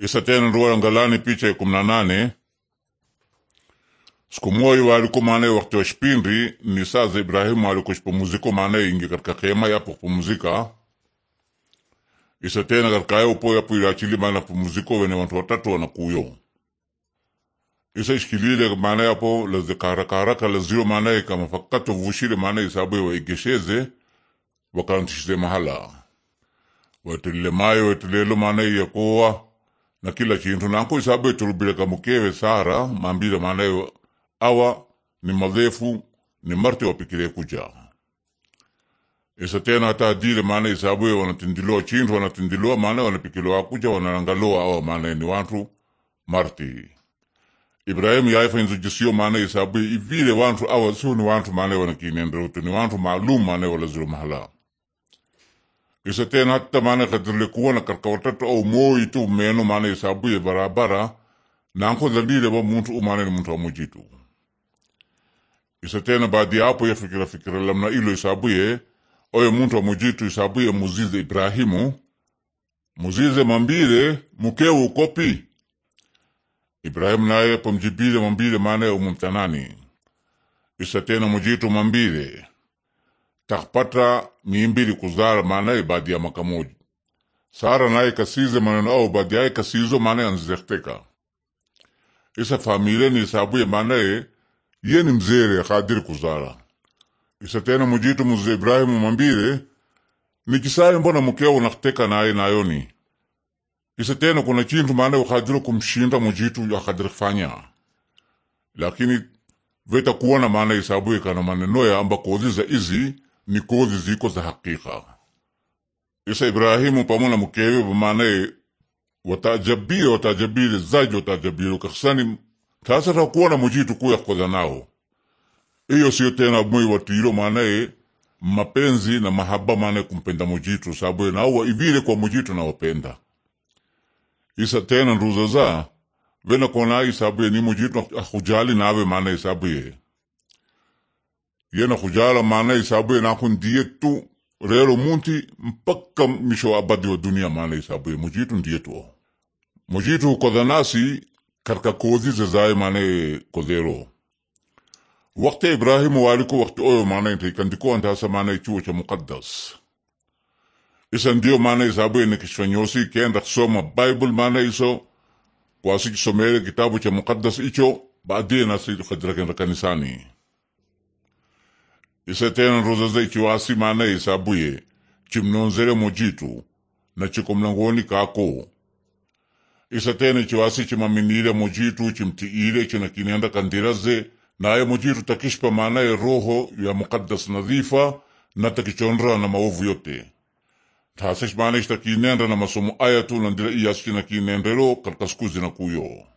isatena ruwayo ngalani picha ya kumi na nane siku moyo waliku maanaye wakati wa shipindi ni saa za Ibrahimu alikushipumuziko maanaye ingi katika kema yapo kupumuzika isatena katika yapo yapo ilaachili maana pumuziko wene wantu watatu wanakuyo isa ishikilile maana yapo lazikaharakaharaka lazio maanaye kama fakato vushile maanaye isabuye waigesheze wakantishize mahala wetilile mayo wetilelo maanaye yakowa na kila chintu nanku isabu turubireka mukewe Sara mambira manayo awa ni madhefu ni marti wapikire kuja isa tena atadile maana isabu wanatindiloa chintu wanatindiloa maana wanapikiloa kuja wanarangaloa awa maana ni wantu marti Ibrahimu yaifa inzujisio maana isabu ivile wantu awa sio ni wantu maana wanakinenderutu ni wantu maalum maana walazuru mahala Isa tena hata maana kadirlekuwa na karkawatato au moyitu meno maana isabuye barabara nankoza ndile ba muntu umane ni muntu amujitu isa tena baadi yapo yafikira fikira lamna ilo isabuye oyo muntu amujitu isabuye muzize Ibrahimu muzize mambire mukewu ukopi Ibrahimu naye pamjibile mambire maana ya umumtanani isa tena mujitu mambire takapata miimbili kuzara maanaye badia makamoji sara naye kasize maneno au baadhi badiaye kasizo maanaye anzizekteka isa famile famileni isabuye maanaye ni mzere kadiri kuzara isa tena mujitu muze ibrahimu mambire nikisaye mbona mukeo unakteka naye nayoni isa tena kuna chintu maanaye ukadiri kumshinda mujitu akadiri kufanya lakini veta kuona maanaye isabuye kana maneno ya amba za izi ni kozi ziko za hakika isa ibrahimu pamoja na mkewe bamanaye watajabie watajabile zaji watajabile kakisani tasa takuona mujitu kuya koza nao iyo siyo tena moi watiro maanaye mapenzi na mahaba maanaye kumpenda mujitu sababu naowa ibile kwa mujitu wapenda isa tena nduza za vena konayi sababu ni mujitu akujali nawe maanaye sababu ye yena kujala maana hisabu yenakundiye tu rero munti mpaka misho abadi wa dunia maana isabu ye mujitu ndiye tu mujitu kodha nasi karka kozi zezaye maana kodhero wakti ibrahimu waliko wakti oyo maana ntaikandiko antasa maana chuo cha mukaddas isa ndio maana hisabu yenikishwanyosi kenda kusoma bible maana iso kwasikisomere kitabu cha mukaddas icho baadie nasi kadrakenra kanisani isetena roza ikiwasi mana isabuye chimnonzere mojitu na chiko mlangoni kako isetena ikiwasi chimaminire mojitu chimtiile chinakinenda kandiraze naye mojitu takishpa ya roho ya mukaddas nadhifa na takichonra na maovu yote taasishmana ishtakinenda na masomo ayatu nandira iyasi chinakinendero katika siku zinakuyo